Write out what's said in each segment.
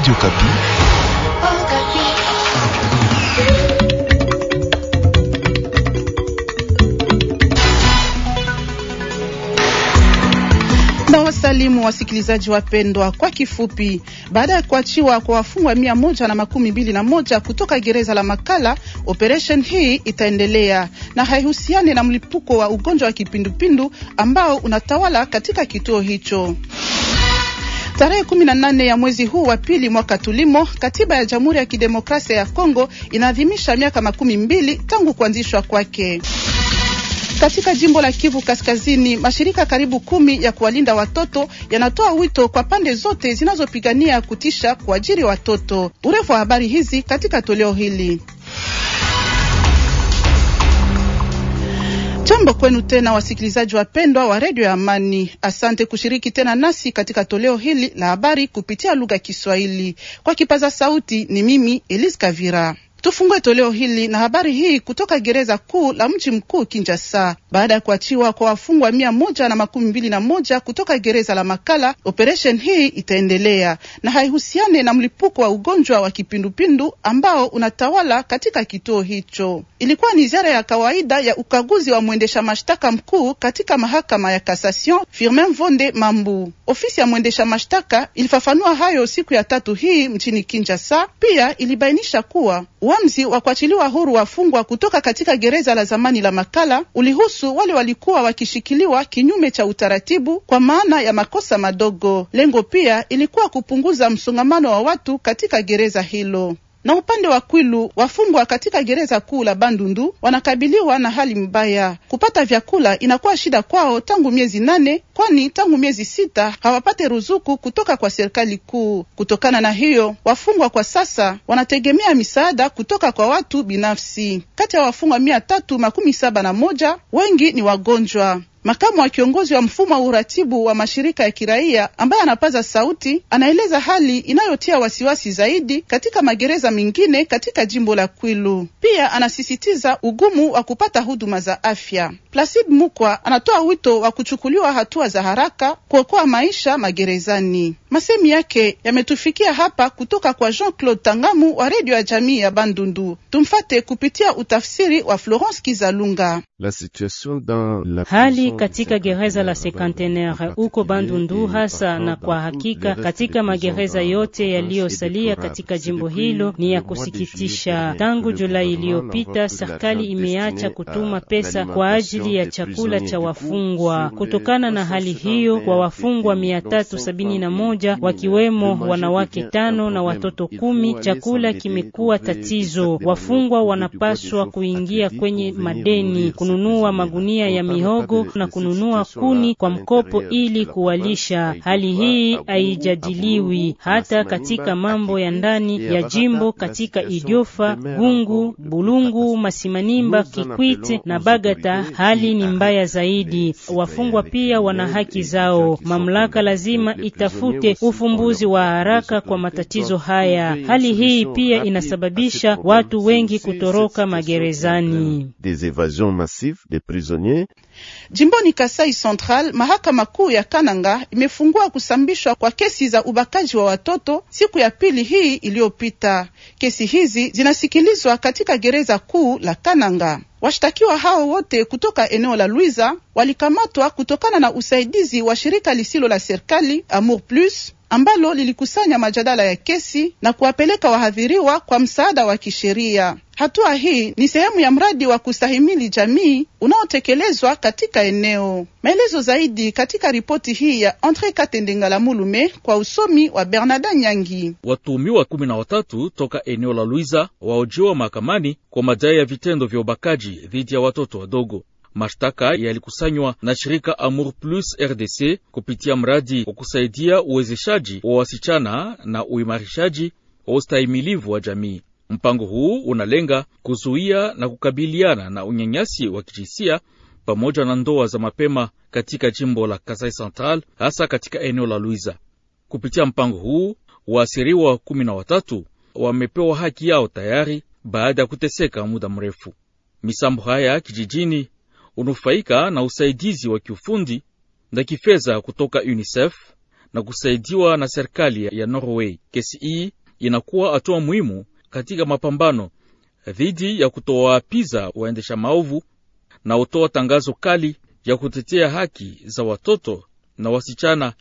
Radio Kapi. Na wasalimu wasikilizaji wapendwa, kwa kifupi, baada ya kuachiwa kwa wafungwa mia moja na makumi mbili na moja kutoka gereza la Makala, operesheni hii itaendelea na haihusiani na mlipuko wa ugonjwa wa kipindupindu ambao unatawala katika kituo hicho. Tarehe 18 ya mwezi huu wa pili mwaka tulimo, katiba ya Jamhuri ya Kidemokrasia ya Kongo inaadhimisha miaka makumi mbili tangu kuanzishwa kwake. Katika jimbo la Kivu Kaskazini, mashirika karibu kumi ya kuwalinda watoto yanatoa wito kwa pande zote zinazopigania kutisha kuajiri watoto. Urefu wa habari hizi katika toleo hili. Jambo kwenu tena wasikilizaji wapendwa wa redio ya Amani, asante kushiriki tena nasi katika toleo hili la habari kupitia lugha ya Kiswahili. Kwa kipaza sauti ni mimi Elise Kavira. Tufungue toleo hili na habari hii kutoka gereza kuu la mji mkuu kinjasa Baada ya kuachiwa kwa wafungwa mia moja na makumi mbili na moja kutoka gereza la Makala, operesheni hii itaendelea na haihusiane na mlipuko wa ugonjwa wa kipindupindu ambao unatawala katika kituo hicho. Ilikuwa ni ziara ya kawaida ya ukaguzi wa mwendesha mashtaka mkuu katika mahakama ya Kasasion, Firmin Vonde Mambu. Ofisi ya mwendesha mashtaka ilifafanua hayo siku ya tatu hii mjini kinjasa Pia ilibainisha kuwa Uamzi wa kuachiliwa huru wafungwa kutoka katika gereza la zamani la Makala ulihusu wale walikuwa wakishikiliwa kinyume cha utaratibu kwa maana ya makosa madogo. Lengo pia ilikuwa kupunguza msongamano wa watu katika gereza hilo. Na upande wa Kwilu, wafungwa katika gereza kuu la Bandundu wanakabiliwa na hali mbaya. Kupata vyakula inakuwa shida kwao tangu miezi nane, kwani tangu miezi sita hawapate ruzuku kutoka kwa serikali kuu. Kutokana na hiyo, wafungwa kwa sasa wanategemea misaada kutoka kwa watu binafsi. Kati ya wafungwa mia tatu makumi saba na moja wengi ni wagonjwa. Makamu wa kiongozi wa mfumo wa uratibu wa mashirika ya kiraia ambaye anapaza sauti anaeleza hali inayotia wasiwasi zaidi katika magereza mengine katika jimbo la Kwilu. Pia anasisitiza ugumu wa kupata huduma za afya. Placide Mukwa anatoa wito wa kuchukuliwa hatua za haraka kuokoa maisha magerezani. Masemi yake yametufikia hapa kutoka kwa Jean-Claude Tangamu wa redio ya jamii ya Bandundu. Tumfate kupitia utafsiri wa Florence Kizalunga. La situation dans la hali katika gereza la Sekantenere uko Bandundu hasa na kwa hakika katika magereza yote yaliyosalia katika jimbo hilo ni ya kusikitisha. Tangu Julai iliyopita serikali imeacha kutuma pesa kwa ajili ajili ya chakula cha wafungwa. Kutokana na hali hiyo, kwa wafungwa 371 wakiwemo wanawake tano na watoto kumi, chakula kimekuwa tatizo. Wafungwa wanapaswa kuingia kwenye madeni, kununua magunia ya mihogo na kununua kuni kwa mkopo ili kuwalisha. Hali hii haijadiliwi hata katika mambo ya ndani ya jimbo katika Idiofa, Gungu, Bulungu, Masimanimba, Kikwit na Bagata hali ni mbaya zaidi. Wafungwa pia wana haki zao. Mamlaka lazima itafute ufumbuzi wa haraka kwa matatizo haya. Hali hii pia inasababisha watu wengi kutoroka magerezani. Jimboni Kasai Central, mahakama kuu ya Kananga imefungua kusambishwa kwa kesi za ubakaji wa watoto siku ya pili hii iliyopita. Kesi hizi zinasikilizwa katika gereza kuu la Kananga. Washtakiwa hao wote kutoka eneo la Luiza walikamatwa kutokana na usaidizi wa shirika lisilo la serikali Amour Plus ambalo lilikusanya majadala ya kesi na kuwapeleka wahadhiriwa kwa msaada wa kisheria. Hatua hii ni sehemu ya mradi wa kustahimili jamii unaotekelezwa katika eneo. Maelezo zaidi katika ripoti hii ya Andre Katendengala Mulume kwa usomi wa Bernarda Nyangi. Watuhumiwa kumi na watatu toka eneo la Luiza waojiwa mahakamani kwa madai ya vitendo vya ubakaji dhidi ya watoto wadogo. Mashtaka yalikusanywa na shirika Amour Plus RDC kupitia mradi wa kusaidia uwezeshaji wa wasichana na uimarishaji wa ustahimilivu wa jamii. Mpango huu unalenga kuzuia na kukabiliana na unyanyasi wa kijinsia pamoja na ndoa za mapema katika jimbo la Kasai Central, hasa katika eneo la Luiza. Kupitia mpango huu waasiriwa kumi na watatu wamepewa haki yao tayari baada ya kuteseka muda mrefu. Misambo haya kijijini unufaika na usaidizi wa kiufundi na kifedha kutoka UNICEF na kusaidiwa na serikali ya Norway. Kesi hii inakuwa hatua muhimu katika mapambano dhidi ya kutowaapiza waendesha maovu na hutoa tangazo kali ya kutetea haki za watoto na wasichana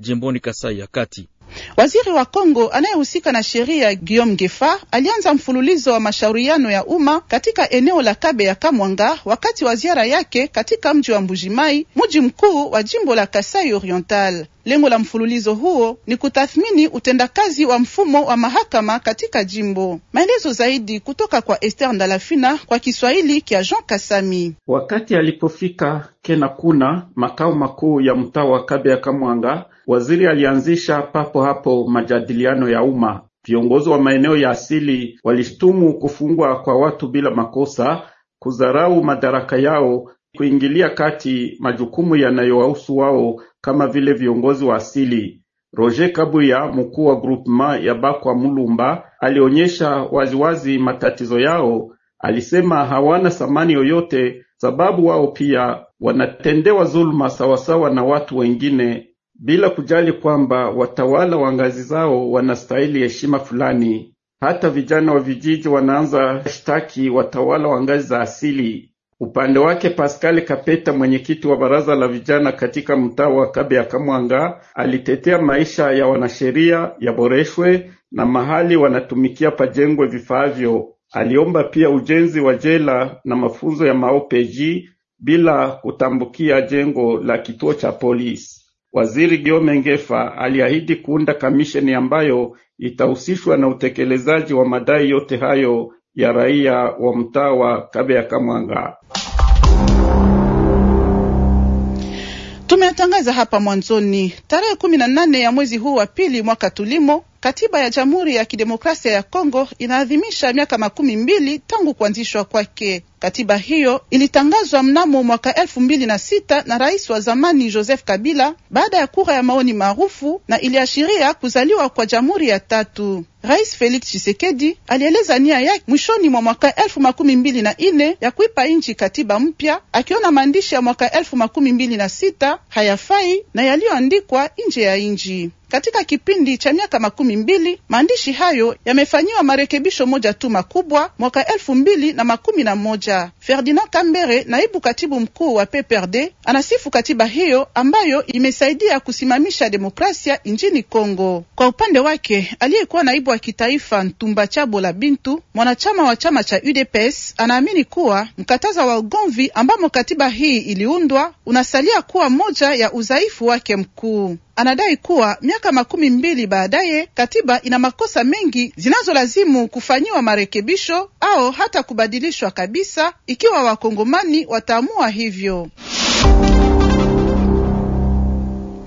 jimboni Kasai ya Kati. Waziri wa Kongo anayehusika na sheria Guillaume Gefa alianza mfululizo wa mashauriano ya umma katika eneo la Kabe ya Kamwanga wakati wa ziara yake katika mji wa Mbujimai, mji mkuu wa jimbo la Kasai Oriental. Lengo la mfululizo huo ni kutathmini utendakazi wa mfumo wa mahakama katika jimbo. Maelezo zaidi kutoka kwa Esther Ndalafina kwa Kiswahili kya Jean Kasami. Wakati alipofika Kenakuna, makao makuu ya mtaa wa Kabe ya Kamwanga, waziri alianzisha papo papo hapo majadiliano ya umma. Viongozi wa maeneo ya asili walishtumu kufungwa kwa watu bila makosa, kudharau madaraka yao, kuingilia kati majukumu yanayowahusu wao kama vile viongozi wa asili. Roger Kabuya, mkuu wa groupement ya Bakwa Mulumba, alionyesha waziwazi matatizo yao. Alisema hawana thamani yoyote, sababu wao pia wanatendewa dhuluma sawasawa na watu wengine bila kujali kwamba watawala wa ngazi zao wanastahili heshima fulani. Hata vijana wa vijiji wanaanza shtaki watawala wa ngazi za asili. Upande wake Pascal Kapeta, mwenyekiti wa baraza la vijana katika mtaa wa ya Kamwanga, alitetea maisha ya wanasheria yaboreshwe na mahali wanatumikia pajengwe vifaavyo. Aliomba pia ujenzi wa jela na mafunzo ya maopeji bila kutambukia jengo la kituo cha polisi. Waziri Giome Ngefa aliahidi kuunda kamisheni ambayo itahusishwa na utekelezaji wa madai yote hayo ya raia wa mtaa wa Kabeya Kamwanga. Tumetangaza hapa mwanzoni tarehe kumi na nane ya mwezi huu wa pili mwaka tulimo Katiba ya Jamhuri ya Kidemokrasia ya Kongo inaadhimisha miaka makumi mbili tangu kuanzishwa kwake. Katiba hiyo ilitangazwa mnamo mwaka elfu mbili na sita na rais wa zamani Joseph Kabila baada ya kura ya maoni maarufu, na iliashiria kuzaliwa kwa jamhuri ya tatu. Rais Felix Tshisekedi alieleza nia yake mwishoni mwa mwaka elfu makumi mbili na nne ya kuipa nchi katiba mpya, akiona maandishi ya mwaka elfu makumi mbili na sita hayafai na yaliyoandikwa nje ya nchi. Katika kipindi cha miaka makumi mbili maandishi hayo yamefanyiwa marekebisho moja tu makubwa mwaka elfu mbili na makumi na moja. Ferdinand Kambere, naibu katibu mkuu wa PPRD, anasifu katiba hiyo ambayo imesaidia kusimamisha demokrasia nchini Kongo. Kwa upande wake, aliyekuwa naibu wa kitaifa Ntumba la Bintu, mwanachama wa chama cha UDPS, anaamini kuwa mkataza wa ugomvi ambamo katiba hii iliundwa unasalia kuwa moja ya udhaifu wake mkuu. Anadai kuwa miaka makumi mbili baadaye katiba ina makosa mengi zinazolazimu kufanyiwa marekebisho au hata kubadilishwa kabisa, ikiwa wakongomani wataamua hivyo.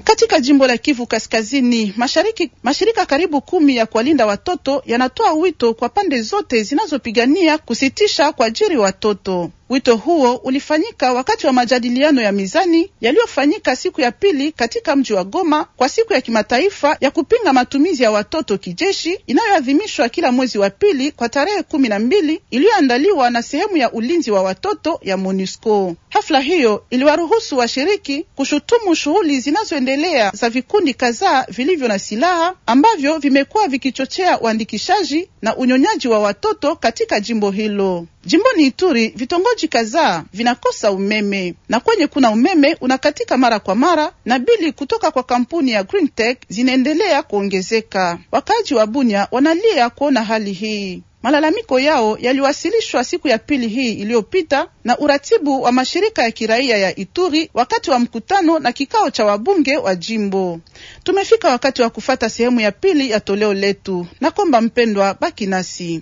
Katika jimbo la Kivu Kaskazini mashariki, mashirika karibu kumi ya kuwalinda watoto yanatoa wito kwa pande zote zinazopigania kusitisha kuajiri watoto. Wito huo ulifanyika wakati wa majadiliano ya mizani yaliyofanyika siku ya pili katika mji wa Goma kwa siku ya kimataifa ya kupinga matumizi ya watoto kijeshi inayoadhimishwa kila mwezi wa pili kwa tarehe kumi na mbili iliyoandaliwa na sehemu ya ulinzi wa watoto ya MONUSCO. Hafla hiyo iliwaruhusu washiriki kushutumu shughuli zinazoendelea za vikundi kadhaa vilivyo na silaha ambavyo vimekuwa vikichochea uandikishaji na unyonyaji wa watoto katika jimbo hilo. Jimboni Ituri vitongoji kadhaa vinakosa umeme na kwenye kuna umeme unakatika mara kwa mara, na bili kutoka kwa kampuni ya Greentech zinaendelea kuongezeka. Wakaaji wa Bunya wanalia kuona hali hii. Malalamiko yao yaliwasilishwa siku ya pili hii iliyopita na uratibu wa mashirika ya kiraia ya Ituri wakati wa mkutano na kikao cha wabunge wa jimbo. Tumefika wakati wa kufata sehemu ya pili ya toleo letu, na komba mpendwa, baki nasi.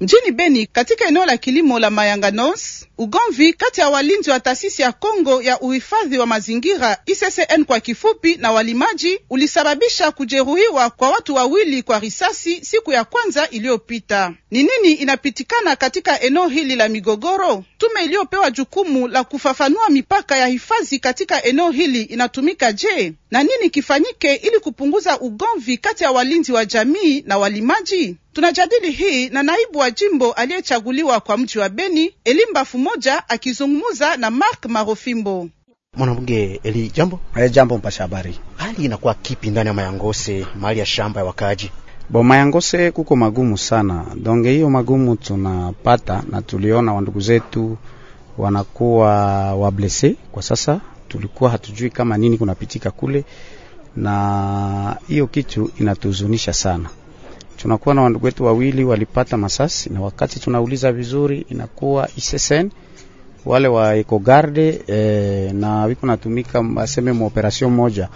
Mjini Beni katika eneo la kilimo la Mayanganos, ugomvi kati ya walinzi wa taasisi ya Kongo ya uhifadhi wa mazingira ICCN kwa kifupi, na walimaji ulisababisha kujeruhiwa kwa watu wawili kwa risasi siku ya kwanza iliyopita. Ni nini inapitikana katika eneo hili la migogoro? Tume iliyopewa jukumu la kufafanua mipaka ya hifadhi katika eneo hili inatumika je, na nini kifanyike ili kupunguza ugomvi kati ya walinzi wa jamii na walimaji? Tunajadili hii na naibu wa jimbo aliyechaguliwa kwa mji wa Beni Elimba Fumoja akizungumza na Mark Marofimbo. Mwanabunge Eli, jambo. Hey, eh, jambo mpasha habari. Hali inakuwa kipi ndani ya Mayangose, mali ya shamba ya wakaaji? Bo Mayangose kuko magumu sana, donge hiyo magumu tunapata na tuliona wandugu zetu wanakuwa wablese kwa sasa. Tulikuwa hatujui kama nini kunapitika kule, na hiyo kitu inatuhuzunisha sana tunakuwa na wandugu wetu wawili walipata masasi, na wakati tunauliza vizuri inakuwa isesen wale wa ekogarde eh, na wiko natumika aseme muoperation moja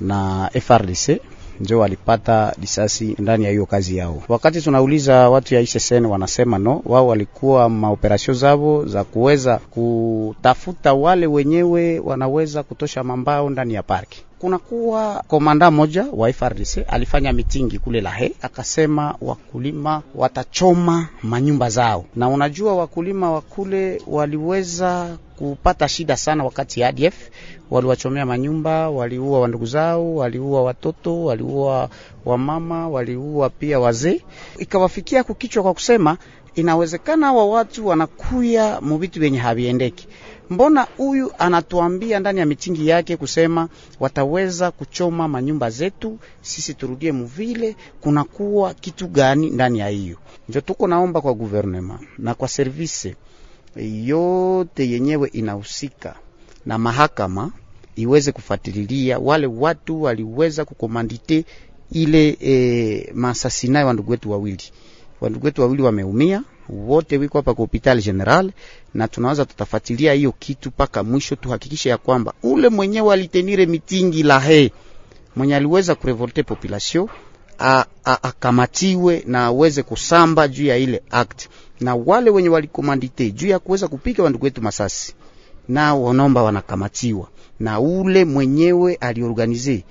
na FRDC njo walipata risasi ndani ya hiyo kazi yao. Wakati tunauliza watu ya ISSN wanasema no, wao walikuwa maoperasio zao za kuweza kutafuta wale wenyewe wanaweza kutosha mambao ndani ya parki kunakuwa komanda moja wa FRDC alifanya mitingi kule Lahe, akasema wakulima watachoma manyumba zao, na unajua wakulima wa kule waliweza kupata shida sana wakati ya ADF waliwachomea manyumba, waliua wandugu zao, waliua watoto, waliua wamama, waliua pia wazee. Ikawafikia kukichwa kwa kusema inawezekana wa watu wanakuya muvitu vyenye haviendeki Mbona huyu anatuambia ndani ya mitingi yake kusema wataweza kuchoma manyumba zetu, sisi turudie muvile? Kunakuwa kitu gani ndani ya hiyo? Ndio tuko naomba kwa guvernema na kwa servise yote yenyewe inahusika na mahakama iweze kufuatilia wale watu waliweza kukomandite ile e, eh, masasina wandugu wetu wawili. Wandugu wetu wawili wameumia wote wiko hapa kwa hospitali general, na tunawaza tutafuatilia hiyo kitu mpaka mwisho, tuhakikishe ya kwamba ule mwenyewe alitenire mitingi la he mwenye aliweza kurevolte population akamatiwe na aweze kusamba juu ya ile act, na wale wenye walikomandite juu ya kuweza kupiga wandugu wetu masasi na wanaomba wanakamatiwa, na ule mwenyewe aliorganize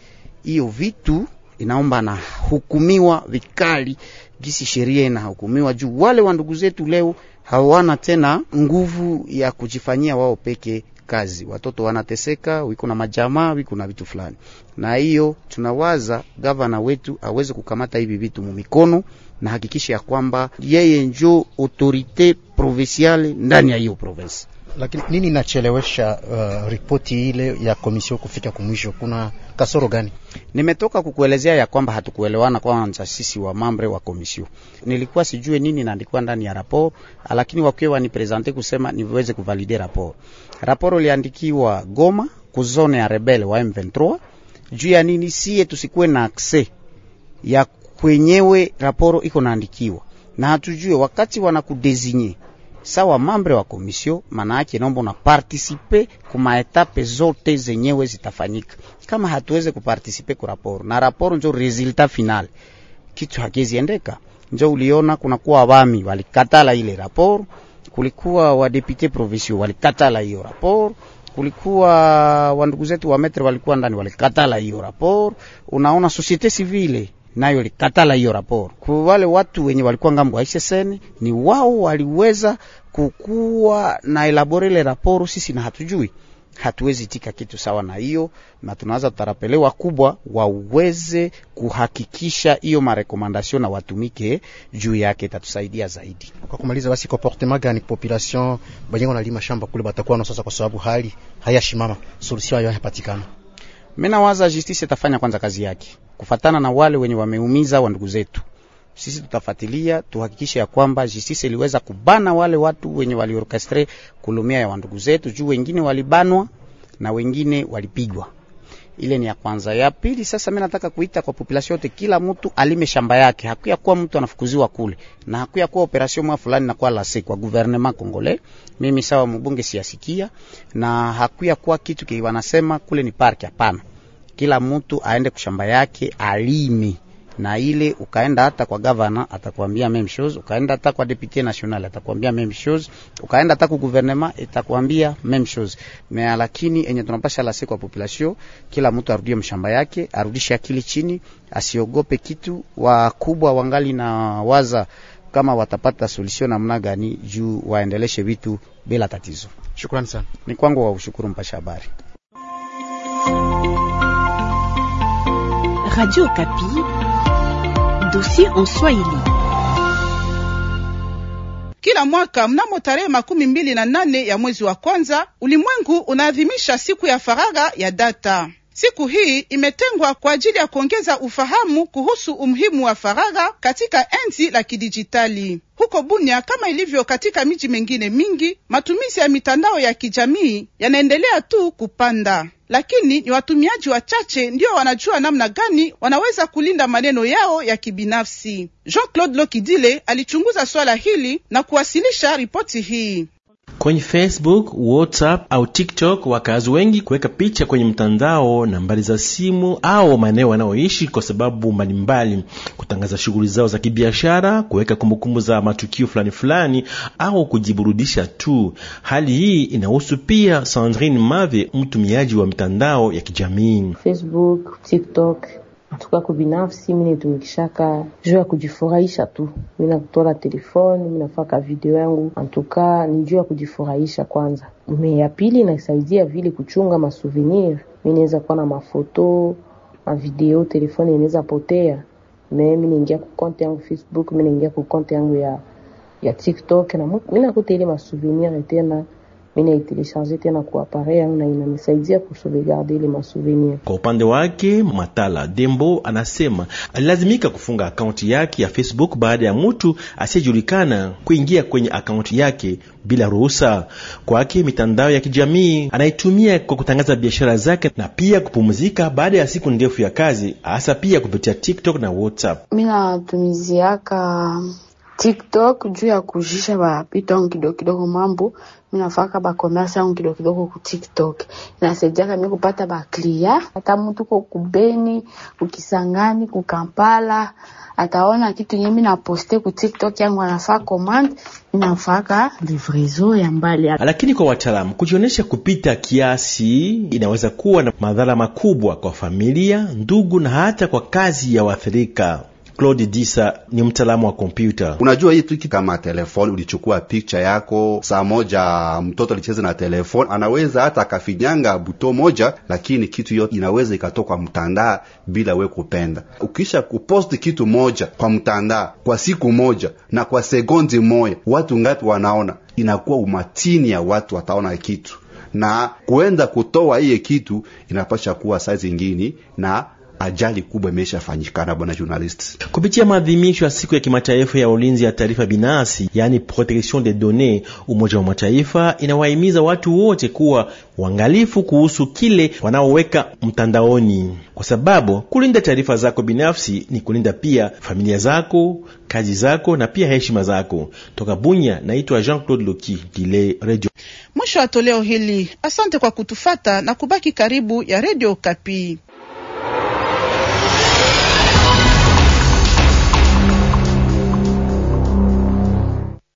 hiyo vitu inaomba nahukumiwa vikali gisi sheria inahukumiwa, juu wale wa ndugu zetu leo hawana tena nguvu ya kujifanyia wao peke kazi. Watoto wanateseka, wiko na majamaa, wiko na vitu fulani, na hiyo tunawaza gavana wetu aweze kukamata hivi vitu mumikono na hakikisha ya kwamba yeye njo autorite provinciale ndani ya hiyo province. Lakini nini inachelewesha uh, ripoti ile ya komisio kufika kumwisho? Kuna kasoro gani? Nimetoka kukuelezea ya kwamba hatukuelewana kwanza sisi wa mambre wa komisio. Nilikuwa sijue nini naandikwa ndani ya rapor, lakini wakiwa waniprezante kusema niweze kuvalide rapor. Rapor iliandikiwa Goma kuzone ya rebele wa M23 juu ya nini? Siye tusikuwe na akse ya kwenyewe raporo iko naandikiwa na hatujue wakati wanakudezinye sawa mambre wa komisio, maanake naomba na kuma kumaetape zote zenyewe zitafanyika. Kama hatuweze kupartisipe ku raporo na raporo njo resulta final, kitu hakiziendeka. Njo uliona kunakuwa wami walikatala ile raporo, kulikuwa wadepute provinciaux walikatala hiyo raporo kulikuwa wandugu zetu wa metre walikuwa ndani walikatala hiyo raporo Unaona, societe civile nayo likatala hiyo raporo. Kwa wale watu wenye walikuwa ngambo wa SSN ni wao waliweza kukuwa na elabore ile raporo, sisi na hatujui hatuwezi tika kitu sawa na hiyo, na tunaanza tarapelewa kubwa waweze kuhakikisha hiyo marekomandasyon na watumike juu yake, itatusaidia zaidi. Kwa kumaliza basi, comportement gani population banyengo lima shamba kule batakuwa na sasa, kwa sababu hali hayashimama, solution hayo hayapatikana. Mimi nawaza justice itafanya kwanza kazi yake kufatana na wale wenye wameumiza wa ndugu zetu. Sisi tutafatilia tuhakikishe ya kwamba justice iliweza kubana wale watu wenye waliorkestre kulumia ya wandugu zetu, juu wengine walibanwa na wengine walipigwa. Ile ni ya kwanza. Ya pili, sasa mimi nataka kuita kwa population yote, kila mtu alime shamba yake. Hakuya kuwa mtu anafukuziwa kule na hakuya kuwa operation mwa fulani na kwa lase kwa gouvernement congolais. Mimi sawa mbunge siyasikia, na hakuya kuwa kitu kiwanasema kule ni park, hapana kila mtu aende kushamba yake alime na ile ukaenda hata kwa gavana atakwambia meme chose, ukaenda hata kwa deputy national atakwambia meme chose, ukaenda hata kwa gouvernement itakwambia meme chose. Na lakini enye tunapasha la siku kwa population, kila mtu arudie mshamba yake, arudishe akili chini, asiogope kitu. Wakubwa wangali na waza kama watapata solution namna gani juu waendeleshe vitu bila tatizo. Shukrani sana, ni kwangu wa ushukuru mpasha habari Radio Kapi. Dossier en Swahili. Kila mwaka mnamo tarehe makumi mbili na nane ya mwezi wa kwanza, ulimwengu unaadhimisha siku ya faragha ya data. Siku hii imetengwa kwa ajili ya kuongeza ufahamu kuhusu umuhimu wa faragha katika enzi la kidijitali. Huko bunya kama ilivyo katika miji mengine mingi, matumizi ya mitandao ya kijamii yanaendelea tu kupanda lakini ni watumiaji wachache ndio wanajua namna gani wanaweza kulinda maneno yao ya kibinafsi. Jean Claude Lokidile alichunguza swala hili na kuwasilisha ripoti hii. Kwenye Facebook, WhatsApp au TikTok, wakazi wengi kuweka picha kwenye mtandao, nambari za simu au maeneo wanaoishi kwa sababu mbalimbali, kutangaza shughuli zao za kibiashara, kuweka kumbukumbu za matukio fulani fulani au kujiburudisha tu. Hali hii inahusu pia Sandrine Mave, mtumiaji wa mitandao ya kijamii Facebook, TikTok Tukako binafsi mimi nitumikishaka juu ya kujifurahisha tu, mimi nakutola telefoni, mimi nafaka video yangu antuka, ni juu ya kujifurahisha kwanza. Me ya pili naisaidia vile kuchunga masouvenir, mimi naweza kuwa na mafoto ma video, telefoni inaweza potea, me mimi naingia ku konti yangu Facebook, mimi naingia ku konti yangu ya ya TikTok na mimi nakuta ile masouvenir tena mina naitilisanze tena kwa parea na inanisaidia kusovegarde ile masouvenir. Kwa upande wake Matala Dembo anasema alilazimika kufunga akaunti yake ya Facebook baada ya mtu asiyejulikana kuingia kwenye akaunti yake bila ruhusa. Kwake mitandao ya kijamii anaitumia kwa kutangaza biashara zake na pia kupumzika baada ya siku ndefu ya kazi, hasa pia kupitia TikTok na WhatsApp. Mimi natumiziaka TikTok juu ya kujisha ba on kidogo kidogo mambo mimi nafaka ba commerce on kidogo kidogo ku TikTok inasaidiaka mi kupata ba clear Hata mtu ko kubeni ukisangani ku Kampala ataona kitu nye minaposte ku TikTok yangu anafaa command inafaka livrezo ya mbali. Lakini kwa wataalamu, kujionesha kupita kiasi inaweza kuwa na madhara makubwa kwa familia, ndugu na hata kwa kazi ya waathirika. Claude Disa ni mtaalamu wa kompyuta. Unajua hii tuki kama telefoni, ulichukua picha yako saa moja, mtoto alicheza na telefoni, anaweza hata akafinyanga buto moja, lakini kitu yote inaweza ikatoka mtandao bila we kupenda. Ukisha kupost kitu moja kwa mtandao kwa siku moja na kwa sekondi moja, watu ngapi wanaona? Inakuwa umatini ya watu wataona kitu na kuenda kutoa hiye kitu inapasha kuwa saizi ingine na ajali kubwa Na bwana journalist. Kupitia maadhimisho ya siku ya kimataifa ya ulinzi ya taarifa binafsi, yani protection des données, Umoja wa Mataifa inawahimiza watu wote kuwa waangalifu kuhusu kile wanaoweka mtandaoni, kwa sababu kulinda taarifa zako binafsi ni kulinda pia familia zako, kazi zako na pia heshima zako. Toka Bunya, naitwa Jean-Claude Loki dile Radio. Mwisho wa toleo hili, asante kwa kutufata na kubaki karibu ya Radio Kapi.